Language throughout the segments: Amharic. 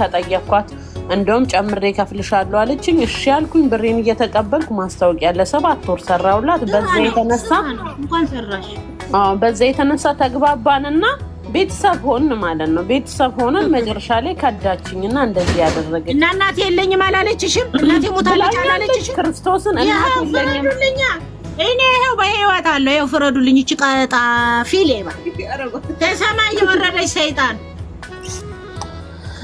ከጠየኳት እንደውም ጨምሬ ከፍልሻለሁ አለችኝ። እሺ ያልኩኝ ብሬን እየተቀበልኩ ማስታወቂያ ለሰባት ወር ሰራውላት። በዛ የተነሳ በዛ የተነሳ ተግባባንና ቤተሰብ ሆን ማለት ነው። ቤተሰብ ሆነን መጨረሻ ላይ ከዳችኝ እና እንደዚህ ያደረገ እና እናቴ የለኝም አላለችሽም? እናቴ ሞታለች አላለችሽም? ክርስቶስን እናቴ እኔ ይኸው በህይወት አለሁ። ይኸው ፍረዱልኝ። እቺ ቀጣፊ ሌባ ተሰማይ የወረደች ሰይጣን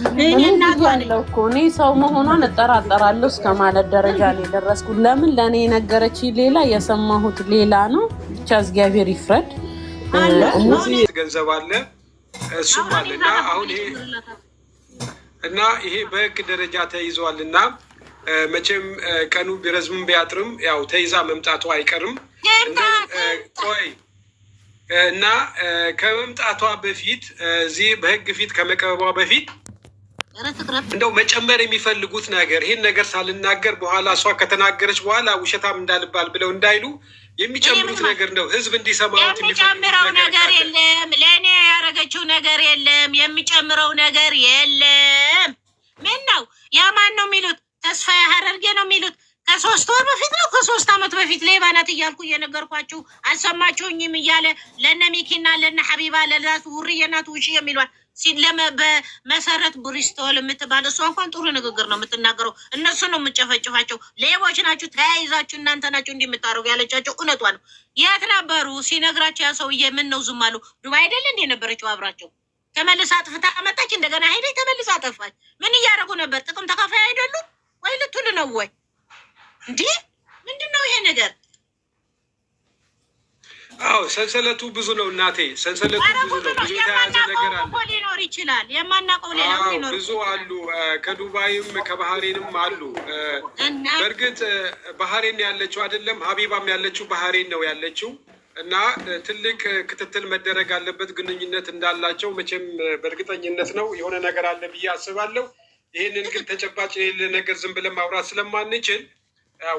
እኔናለሁ እኮ እኔ ሰው መሆኗን እጠራጠራለሁ እስከ ማለት ደረጃ ነው የደረስኩት። ለምን ለእኔ የነገረች ሌላ የሰማሁት ሌላ ነው። ብቻ እግዚአብሔር ይፍረድ። ገንዘብ አለ እሱም አለ እና አሁን ይሄ እና ይሄ በህግ ደረጃ ተይዟል እና መቼም ቀኑ ቢረዝምም ቢያጥርም ያው ተይዛ መምጣቱ አይቀርም። ቆይ እና ከመምጣቷ በፊት እዚህ በህግ ፊት ከመቀበቧ በፊት እንደው መጨመር የሚፈልጉት ነገር ይህን ነገር ሳልናገር በኋላ እሷ ከተናገረች በኋላ ውሸታም እንዳልባል ብለው እንዳይሉ የሚጨምሩት ነገር ነው። ህዝብ እንዲሰማት የሚጨምረው ነገር የለም። ለእኔ ያደረገችው ነገር የለም። የሚጨምረው ነገር የለም። ምን ነው ያ ማን ነው የሚሉት? ተስፋ ያደርጌ ነው የሚሉት። ከሶስት ወር በፊት ነው ከሶስት አመት በፊት ሌባ ናት እያልኩ እየነገርኳችሁ አልሰማችሁኝም እያለ ለነ ሚኪና ለነ ሐቢባ ለራሱ ውርየናት የሚሏል በመሰረት ብሪስቶል የምትባል እሷ እንኳን ጥሩ ንግግር ነው የምትናገረው። እነሱ ነው የምጨፈጭፋቸው። ሌቦች ናችሁ፣ ተያይዛችሁ እናንተ ናችሁ እንዲህ የምታደርጉ ያለቻቸው እውነቷ ነው። የት ነበሩ ሲነግራቸው ያ ሰውዬ ምን ነው ዝም አሉ? ዱባ አይደለ እንዲ የነበረችው አብራቸው ተመልሳ አጥፍታ አመጣች። እንደገና ሄደች ተመልሳ አጠፋች። ምን እያደረጉ ነበር? ጥቅም ተካፋይ አይደሉም ወይ? ልትሉ ነው ወይ? እንዲህ ምንድን ነው ይሄ ነገር? አዎ ሰንሰለቱ ብዙ ነው እናቴ፣ ሰንሰለቱ ብዙ ነው። ብዙ የተያዘ ነገር አለ፣ ሊኖር ይችላል የማናውቀው ሊኖር ብዙ አሉ። ከዱባይም ከባህሬንም አሉ። በእርግጥ ባህሬን ያለችው አይደለም፣ ሀቢባም ያለችው ባህሬን ነው ያለችው እና ትልቅ ክትትል መደረግ አለበት። ግንኙነት እንዳላቸው መቼም በእርግጠኝነት ነው። የሆነ ነገር አለ ብዬ አስባለሁ። ይህንን ግን ተጨባጭ የሌለ ነገር ዝም ብለን ማውራት ስለማንችል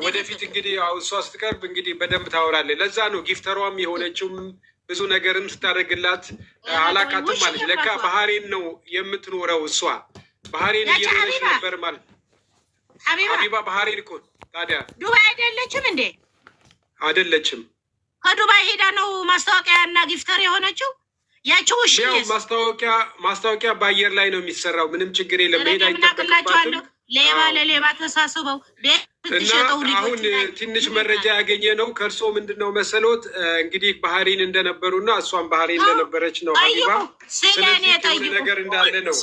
ወደፊት እንግዲህ እሷ ስትቀርብ እንግዲህ በደንብ ታወራለች። ለዛ ነው ጊፍተሯም የሆነችውም ብዙ ነገርም ስታደርግላት አላካትም ማለት ለካ ባህሬን ነው የምትኖረው እሷ ባህሬን እየኖረች ነበር ማለት ሀቢባ ባህሬን እኮ ታዲያ ዱባይ አይደለችም እንዴ? አይደለችም። ከዱባይ ሄዳ ነው ማስታወቂያ እና ጊፍተር የሆነችው። ያችው እሺ፣ ማስታወቂያ ማስታወቂያ በአየር ላይ ነው የሚሰራው። ምንም ችግር የለም። ሄዳ ይጠበቅባትም። ሌባ ለሌባ ተሳስበው እና አሁን ትንሽ መረጃ ያገኘ ነው ከእርስዎ ምንድን ነው መሰሎት፣ እንግዲህ ባህሪን እንደነበሩ እንደነበሩና እሷን ባህሪ እንደነበረች ነው። ሀቢባ ስለዚህ ነገር እንዳለ ነው።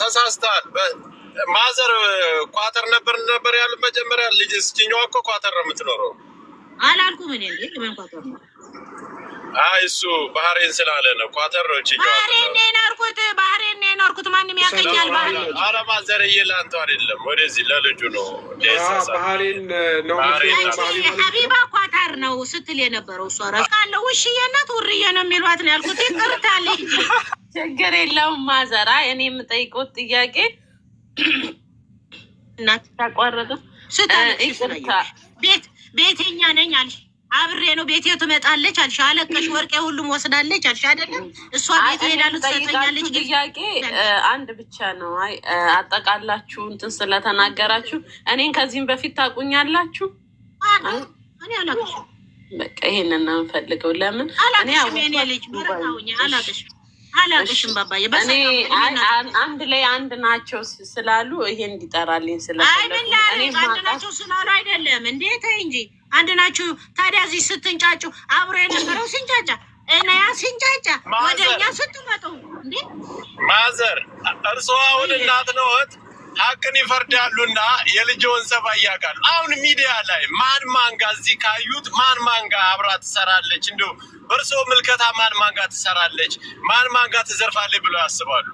ተሳስተሃል። ማዘር ኳተር ነበር ነበር ያሉ መጀመሪያ ልጅ ስኪኛዋ እኮ ኳተር ነው የምትኖረው አላልኩም እኔ ኳተር ነው አይ እሱ ባህሬን ስላለ ነው። ኳተር ነው ባህሬን ነው የኖርኩት፣ ባህሬን ነው የኖርኩት። ማንም ያቀኛል። ባህሬን አረማ ዘርዬ ለአንተ አይደለም፣ ወደዚህ ለልጁ ነው። ባህሬን ነው ሀቢባ ኳተር ነው ስትል የነበረው እሷ እራሱ ካለው ውሽዬነት ውርዬ ነው የሚሏት ነው ያልኩት። ይቅርታል። ችግር የለውም። ማዘራ እኔ የምጠይቀው ጥያቄ እናት ታቋረጡ ስታ ቤት ቤተኛ ነኝ አለች አብሬ ነው ቤቴ ትመጣለች አልሽ፣ አለቀሽ። ወርቄ ሁሉም ወስዳለች አልሽ አይደለም። እሷ ቤት ሄዳሉ ትሰጠኛለች። ጥያቄ አንድ ብቻ ነው። አይ አጠቃላችሁ እንትን ስለተናገራችሁ እኔን ከዚህም በፊት ታቁኛላችሁ። እኔ አላቅሽም። በቃ ይሄንን ነው የምፈልገው። ለምን አላቅሽም? የኔ ልጅ ምርታውኛ አላቅሽም አላቅሽም ባባዬ። እኔ አንድ ላይ አንድ ናቸው ስላሉ ይሄ እንዲጠራልኝ ስለ አይ ምን ላይ አንድ ናቸው ስላሉ አይደለም እንዴት ተይ እንጂ አንድ ናችሁ። ታዲያ እዚህ ስትንጫጩ አብሮ የነበረው ሲንጫጫ እነያ ሲንጫጫ ወደ እኛ ስትመጡ እንዴ ማዘር፣ እርስዎ አሁን እናት ነዎት፣ ሀቅን ይፈርዳሉና የልጅዎን ሰባ ያውቃሉ። አሁን ሚዲያ ላይ ማን ማንጋ እዚህ ካዩት ማን ማንጋ አብራ ትሰራለች፣ እንዲሁ በእርስዎ ምልከታ ማን ማንጋ ትሰራለች፣ ማን ማንጋ ጋ ትዘርፋለች ብለው ያስባሉ?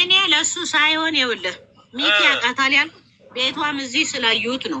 እኔ ለሱ ሳይሆን ይኸውልህ ሚኪ ያውቃታል ያልኩት ቤቷም እዚህ ስላዩት ነው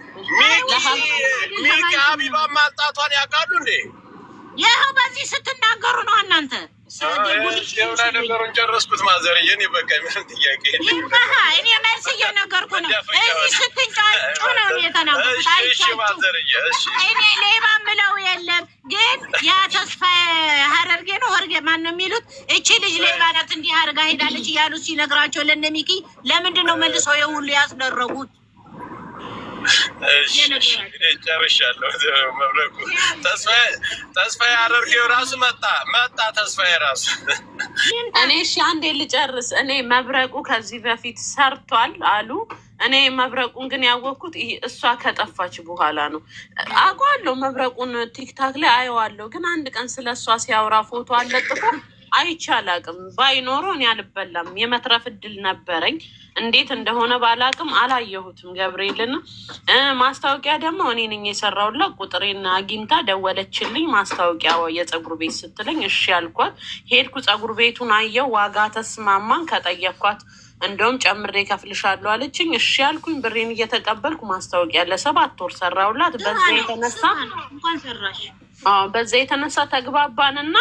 ሚኪ ሀቢባ ማጣቷን ያውቃሉ እንዴ? ይኸው በዚህ ስትናገሩ ነው እናንተ ነገሩን ጨረስኩት። ማዘርዬ እኔ በቃ ምንም ጥያቄ እኔ መልስ እየነገርኩ ነው። እዚህ ስትንጫጩ ነው እኔ ሌባ ምለው የለም፣ ግን ያ ተስፋ ሀረርጌ ነው ሀረርጌ ማን ነው የሚሉት እቺ ልጅ ሌባ ናት እንዲህ አድርጋ ሄዳለች እያሉ ሲነግራቸው ለእነ ለምንድን ነው መልሰው የሁሉ ያስደረጉት? ጨርሻለሁ። መብረቁ ተስፋዬ አደርጌው ራሱ መጣ መጣ። ተስፋዬ ራሱ እኔ እሺ፣ አንዴ ልጨርስ። እኔ መብረቁ ከዚህ በፊት ሰርቷል አሉ። እኔ መብረቁን ግን ያወቅኩት እሷ ከጠፋች በኋላ ነው። አውቀዋለሁ መብረቁን ቲክታክ ላይ አየዋለሁ፣ ግን አንድ ቀን ስለ እሷ ሲያወራ ፎቶ አለጥፎ አይቻላቅም ባይኖሩ እኔ አልበላም። የመትረፍ እድል ነበረኝ። እንዴት እንደሆነ ባላቅም አላየሁትም። ገብርኤልና ማስታወቂያ ደግሞ እኔ ነኝ የሰራሁላት። ቁጥሬና አግኝታ ደወለችልኝ። ማስታወቂያ የጸጉር ቤት ስትለኝ እሺ ያልኳት ሄድኩ። ጸጉር ቤቱን አየው፣ ዋጋ ተስማማን። ከጠየኳት እንደውም ጨምሬ ከፍልሻለሁ አለችኝ። እሺ ያልኩኝ ብሬን እየተቀበልኩ ማስታወቂያ ለሰባት ወር ሰራውላት። በዛ የተነሳ በዛ የተነሳ ተግባባንና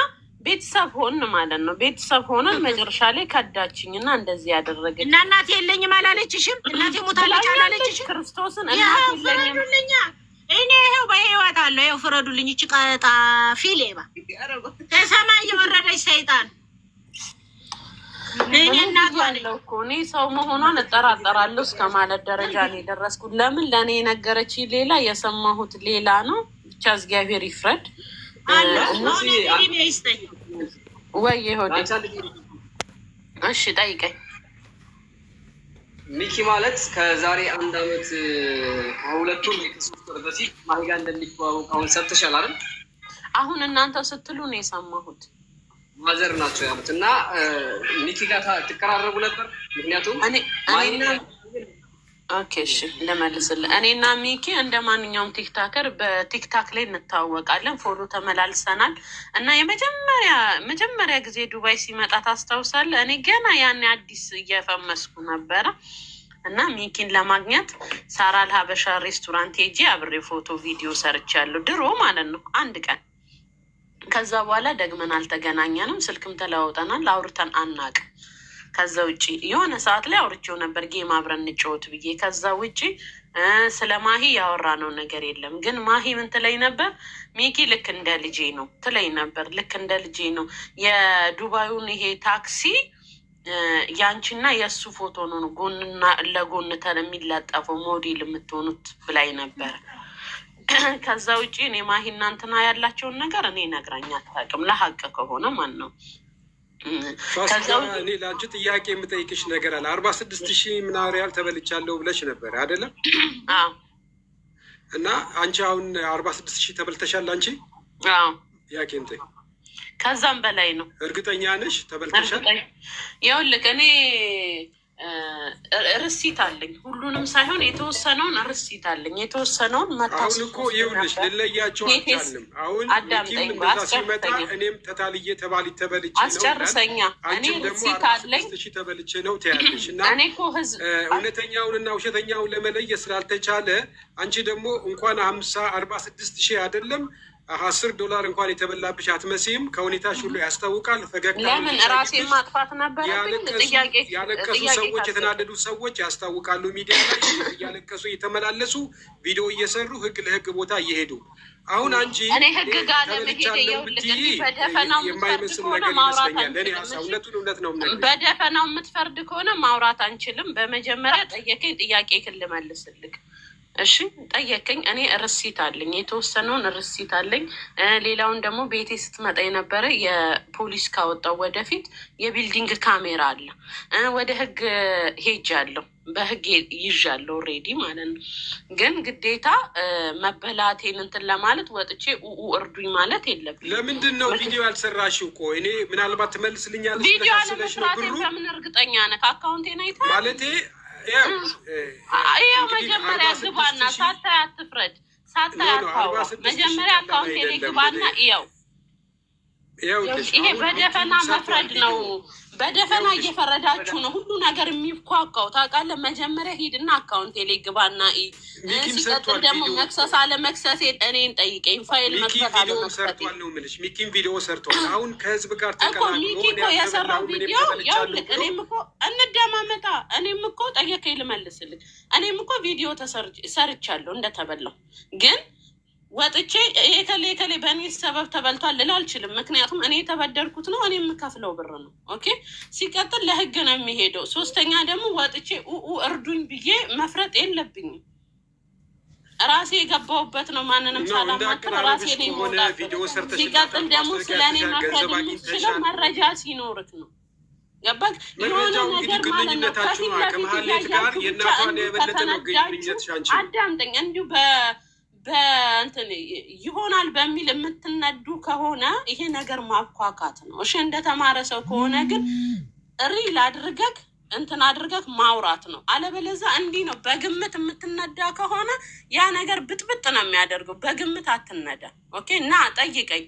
ቤተሰብ ሆን ማለት ነው። ቤተሰብ ሆነን መጨረሻ ላይ ከዳችኝ እና እንደዚህ ያደረገ እና እናቴ የለኝም አላለችሽም? እናቴ ሞታለች አላለችሽም? ክርስቶስን ፍረዱልኛ። እኔ ይኸው በህይወት አለሁ። ይኸው ፍረዱልኝ። እች ቀጣ ሌባ ከሰማይ የወረደች ሰይጣን እኔ ሰው መሆኗን እጠራጠራለሁ እስከ ማለት ደረጃ ነው የደረስኩት። ለምን ለእኔ የነገረች ሌላ የሰማሁት ሌላ ነው። ብቻ እግዚአብሔር ይፍረድ። ወይ ሆዴ እሺ፣ ጠይቀኝ። ሚኪ ማለት ከዛሬ አንድ አመት ከሁለቱም ከሶስት ወር በፊት ማን ጋር እንደሚተዋወቅ አሁን ሰብተሻል አይደል? አሁን እናንተ ስትሉ ነው የሰማሁት። ማዘር ናቸው ያሉት እና ሚኪ ጋር ትቀራረቡ ነበር ምክንያቱም ኦኬ እሺ፣ ልመልስልህ። እኔና ሚኪ እንደ ማንኛውም ቲክታከር በቲክታክ ላይ እንታወቃለን፣ ፎሎ ተመላልሰናል እና የመጀመሪያ መጀመሪያ ጊዜ ዱባይ ሲመጣ ታስታውሳለህ? እኔ ገና ያኔ አዲስ እየፈመስኩ ነበረ እና ሚኪን ለማግኘት ሳራ ለሀበሻ ሬስቶራንት ሄጄ አብሬ ፎቶ ቪዲዮ ሰርቻለሁ፣ ድሮ ማለት ነው። አንድ ቀን ከዛ በኋላ ደግመን አልተገናኘንም፣ ስልክም ተለዋውጠናል፣ አውርተን አናውቅም። ከዛ ውጭ የሆነ ሰዓት ላይ አውርቼው ነበር ጌም አብረን እንጫወት ብዬ። ከዛ ውጭ ስለ ማሂ ያወራነው ነገር የለም። ግን ማሂ ምን ትለይ ነበር? ሚኪ ልክ እንደ ልጄ ነው ትለይ ነበር። ልክ እንደ ልጄ ነው። የዱባዩን ይሄ ታክሲ ያንቺና የእሱ ፎቶ ነው ጎንና ለጎን ተን የሚለጠፈው ሞዴል የምትሆኑት ብላይ ነበር። ከዛ ውጭ እኔ ማሂ እናንትና ያላቸውን ነገር እኔ ነግራኝ አታውቅም። ለሀቅ ከሆነ ማን ነው እኔ ለአንቺ ጥያቄ የምጠይቅሽ ነገር አለ። አርባ ስድስት ሺህ ምናምን ሪያል ተበልቻለሁ ብለሽ ነበር አይደለም? እና አንቺ አሁን አርባ ስድስት ሺህ ተበልተሻል። አንቺ ጥያቄ ምጠይ ከዛም በላይ ነው። እርግጠኛ ነሽ ተበልተሻል? ይኸውልህ እኔ ርሲት አለኝ። ሁሉንም ሳይሆን የተወሰነውን ርሲት አለኝ። የተወሰነውን መታሁን እኮ ይኸውልሽ፣ ልለያቸው አልቻልም። አሁን አዳምጠኝ፣ አስጨርሰኛ። እኔም ተታልዬ ተባል ተበልቼ አስጨርሰኛ። እኔ ርሲት አለኝ ሺ ተበልቼ ነው ትያለሽ። እና እኔ እኮ ህዝብ እውነተኛውን እና ውሸተኛውን ለመለየት ስላልተቻለ አንቺ ደግሞ እንኳን ሀምሳ አርባ ስድስት ሺህ አይደለም አስር ዶላር እንኳን የተበላብሽ አትመሲም። ከሁኔታሽ ሁሉ ያስታውቃል። ፈገግታ ለምን ራሴን ማጥፋት ነበረ? ያለቀሱ ሰዎች፣ የተናደዱ ሰዎች ያስታውቃሉ። ሚዲያ ላይ እያለቀሱ እየተመላለሱ ቪዲዮ እየሰሩ ህግ ለህግ ቦታ እየሄዱ አሁን አንቺ እኔ ህግ ጋር ለመሄድ በደፈናው የማይመስል ነገር ይመስለኛል። ለእኔ እውነቱን እውነት ነው። በደፈናው የምትፈርድ ከሆነ ማውራት አንችልም። በመጀመሪያ ጠየቀኝ ጥያቄ ክልመልስልክ እሺ ጠየቀኝ። እኔ ርሲት አለኝ፣ የተወሰነውን ርሲት አለኝ። ሌላውን ደግሞ ቤቴ ስትመጣ የነበረ የፖሊስ ካወጣው ወደፊት የቢልዲንግ ካሜራ አለ። ወደ ህግ ሄጃለሁ፣ በህግ ይዣለሁ ሬዲ ማለት ነው። ግን ግዴታ መበላቴን እንትን ለማለት ወጥቼ ኡኡ እርዱኝ ማለት የለብኝ። ለምንድን ነው ቪዲዮ ያልሰራሽው? እኮ እኔ ምናልባት ትመልስልኛለሽ። ቪዲዮ አለመስራቴን ከምን እርግጠኛ ነህ? ከአካውንቴን አይተህ ማለቴ ይኸው መጀመሪያ ግባና ሳታይ አትፍረድ፣ ሳታይ አታውራ። መጀመሪያ አካውንቴ ላይ ግባና ይኸው ይሄ በደፈና መፍረድ ነው። በደፈና እየፈረዳችሁ ነው። ሁሉ ነገር የሚኳኳው ታውቃለህ። መጀመሪያ ሂድና አካውንት ላይ ግባና ይ ሲቀጥል ደግሞ መክሰስ አለ መክሰሴ እኔን ጠይቀኝ። ፋይል መክሰት አለ ሚኪም ቪዲዮ ሰርቷል። አሁን ከህዝብ ጋር እኮ ሚኪ እኮ የሰራው ቪዲዮ ያውልቅ። እኔም እኮ እንደማመጣ እኔም እኮ ጠየቀኝ ልመልስልኝ። እኔም እኮ ቪዲዮ ተሰርቻለሁ እንደተበላው ግን ወጥቼ የከሌ የከሌ በእኔ ሰበብ ተበልቷል ልል አልችልም። ምክንያቱም እኔ የተበደርኩት ነው እኔ የምከፍለው ብር ነው። ኦኬ ሲቀጥል ለህግ ነው የሚሄደው። ሶስተኛ ደግሞ ወጥቼ ኡኡ እርዱኝ ብዬ መፍረጥ የለብኝም። ራሴ የገባሁበት ነው። ማንንም ሳላማክር ራሴ ላይ ሲቀጥል ደግሞ ስለ እኔ መፍረድ የምችለው መረጃ ሲኖርክ ነው። ገባክ? የሆነ ነገር ማለት ነው። ከፊት ለፊት እያያችሁ ብቻ እንዲሁ ከተናዳችሁ አዳምጠኝ እንዲሁ በ በእንትን ይሆናል በሚል የምትነዱ ከሆነ ይሄ ነገር ማብኳካት ነው። እሺ እንደተማረ ሰው ከሆነ ግን ሪል አድርገግ እንትን አድርገግ ማውራት ነው። አለበለዛ እንዲህ ነው በግምት የምትነዳ ከሆነ ያ ነገር ብጥብጥ ነው የሚያደርገው። በግምት አትነዳ። ኦኬ እና ጠይቀኝ፣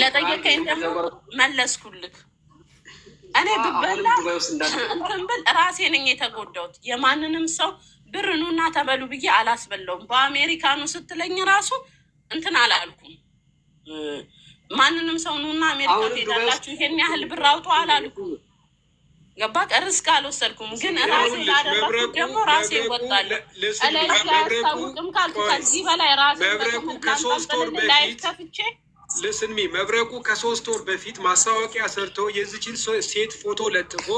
ለጠየቀኝ ደግሞ መለስኩልክ። እኔ ብበላ እንትን ብል ራሴ ነኝ የተጎዳሁት የማንንም ሰው ብር ኑ እና ተበሉ ብዬ አላስበለውም። በአሜሪካኑ ስትለኝ ራሱ እንትን አላልኩም። ማንንም ሰው ኑና አሜሪካ ትሄዳላችሁ ይሄን ያህል ብር አውጡ አላልኩም። ገባ ሪስክ አልወሰድኩም። ግን ራሴ ላደረኩት ደግሞ ራሴ እወጣለሁ። እለዚ አያስታውቅም ካልኩ ከዚህ በላይ ራሴ ላይፍ ከፍቼ ልስንሚ መብረቁ ከሶስት ወር በፊት ማስታወቂያ ሰርቶ የዚችን ሴት ፎቶ ለጥፎ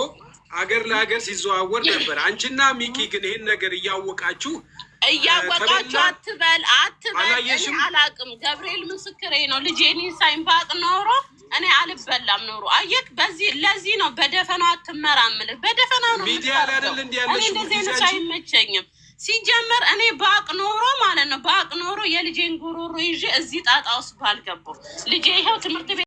አገር ለሀገር ሲዘዋወር ነበር። አንቺና ሚኪ ግን ይህን ነገር እያወቃችሁ እያወቃችሁ አትበል አትበል፣ አላቅም። ገብርኤል ምስክሬ ነው። ልጄን ሳይን ባቅ ኖሮ እኔ አልበላም ኖሮ። አየክ፣ በዚህ ለዚህ ነው በደፈናው አትመራምልህ። በደፈናው ነው ሚዲያ ላይ አይደል እንዲ ያለሽ። እንደዚህ አይነት አይመቸኝም። ሲጀመር እኔ ባቅ ኖሮ ማለት ነው ባቅ ኖሮ የልጄን ጉሮሮ ይዤ እዚህ ጣጣ ውስጥ ባልገባሁ። ልጄ ይኸው ትምህርት ቤት